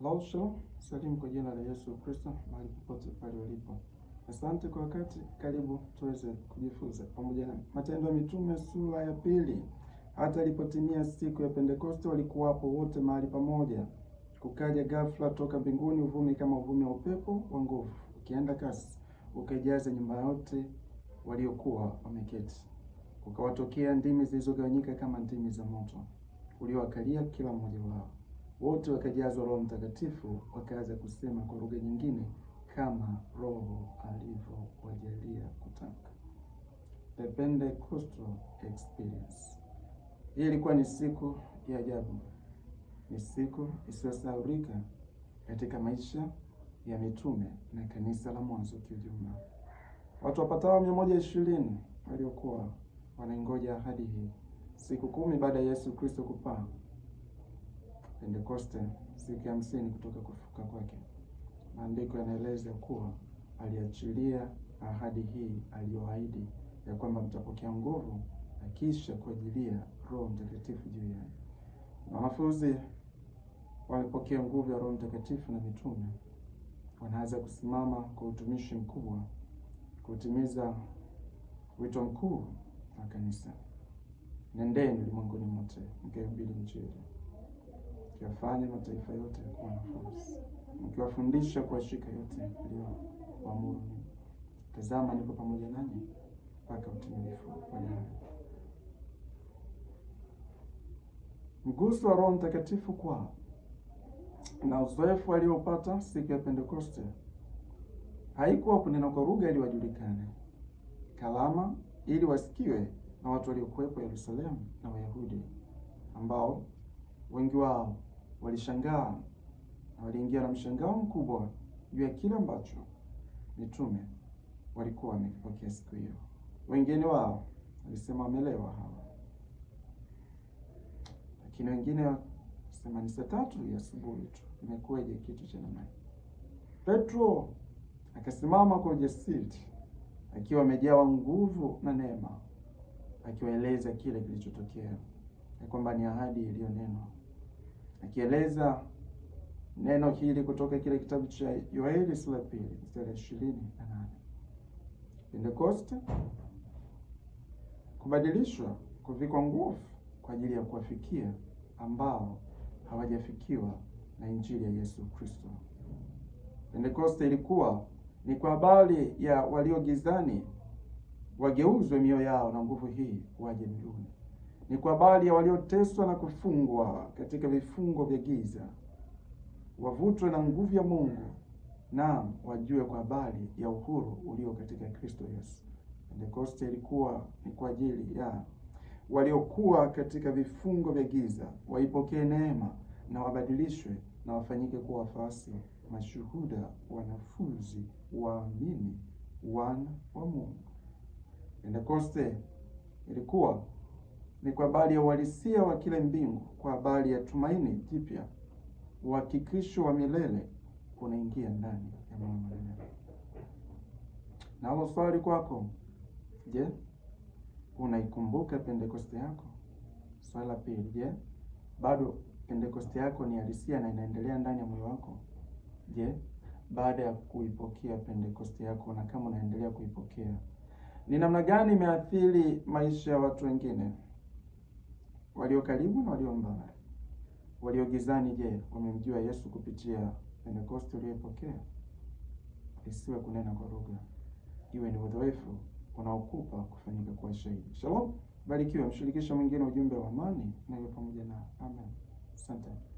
Lausho, salimu kwa jina la Yesu Kristo mahali popote pale ulipo. Asante kwa wakati, karibu tuweze kujifunza pamoja na Matendo ya Mitume sura ya pili. Hata ilipotimia siku ya Pentekoste, walikuwapo wote mahali pamoja. Kukaja ghafla toka mbinguni uvumi kama uvumi wa upepo wa nguvu ukienda kasi, ukajaza nyumba yote waliokuwa wameketi. Kukawatokea ndimi zilizogawanyika kama ndimi za moto, uliowakalia kila mmoja wao wote wakajazwa Roho Mtakatifu, wakaanza kusema kwa lugha nyingine kama Roho alivyowajalia kutamka. The Pentecostal experience. Hii ilikuwa ni siku ya ajabu, ni siku isiyosahaulika katika maisha ya mitume na kanisa la mwanzo kiujumla. Watu wapatao mia moja ishirini waliokuwa wanaingoja ahadi hii siku kumi baada ya Yesu Kristo kupaa Pentekoste siku ya hamsini kutoka kufuka kwake. Maandiko yanaeleza kuwa aliachilia ahadi hii aliyoahidi ya kwamba mtapokea nguvu na kisha kuajilia Roho Mtakatifu juu yenu. Wanafunzi walipokea nguvu ya Roho Mtakatifu na mitume, wanaanza kusimama kwa utumishi mkubwa kutimiza wito mkuu wa kanisa. Nendeni ulimwenguni mote mkahubiri Injili yafanye mataifa yote kuwa wanafunzi, mkiwafundisha kuwashika yote mliyowaamuru. Tazama, niko pamoja nanyi mpaka utimilifu wa dunia. Mguso wa Roho Mtakatifu kwa na uzoefu aliopata siku ya Pentekoste haikuwa kunena kwa lugha ili wajulikane, kalama ili wasikiwe na watu waliokuwepo Yerusalemu na Wayahudi ambao wengi wao walishangaa na waliingia na mshangao mkubwa juu ya kile ambacho mitume walikuwa wamekipokea siku hiyo. Wengine wao walisema wamelewa hawa, lakini wengine wakasema ni saa tatu ya asubuhi tu, imekuwaje kitu cha namna hii? Petro akasimama kwa ujasiri akiwa amejawa nguvu na neema, akiwaeleza kile kilichotokea, ya kwamba ni ahadi iliyonenwa akieleza neno hili kutoka kile kitabu cha Yoeli sura ya pili mstari ishirini na nane Pentekoste, kubadilishwa, kuvikwa nguvu kwa ajili ya kuwafikia ambao hawajafikiwa na injili ya Yesu Kristo. Pentekoste ilikuwa ni kwa habari ya walio gizani wageuzwe mioyo yao na nguvu hii waje mbinguni ni kwa habari ya walioteswa na kufungwa katika vifungo vya giza, wavutwe na nguvu ya Mungu, na wajue kwa habari ya uhuru ulio katika Kristo Yesu. Pentekoste ilikuwa ni kwa ajili ya waliokuwa katika vifungo vya giza, waipokee neema na wabadilishwe na wafanyike kuwa wafasi mashuhuda, wanafunzi, waamini, wana wa Mungu. Pentekoste ilikuwa ni kwa habari ya uhalisia wa kile mbingu, kwa habari ya tumaini jipya, uhakikisho wa milele unaingia ndani ya mwanadamu. Nalo swali kwako, je, unaikumbuka pentekoste yako? Swali la pili, je, bado pentekoste yako ni halisia na inaendelea ndani ya moyo wako? Je, baada ya kuipokea pentekoste yako na kama unaendelea kuipokea, ni namna gani imeathiri maisha ya watu wengine? Walio karibu na walio mbali, walio gizani, je, wamemjua Yesu kupitia Pentekoste uliyepokea? Isiwe kunena kwa lugha, iwe ni udhoefu unaokupa kufanyika kwa shahidi. Shalom, barikiwa mshirikisha mwingine ujumbe wa amani, nayo pamoja na amen. Asante.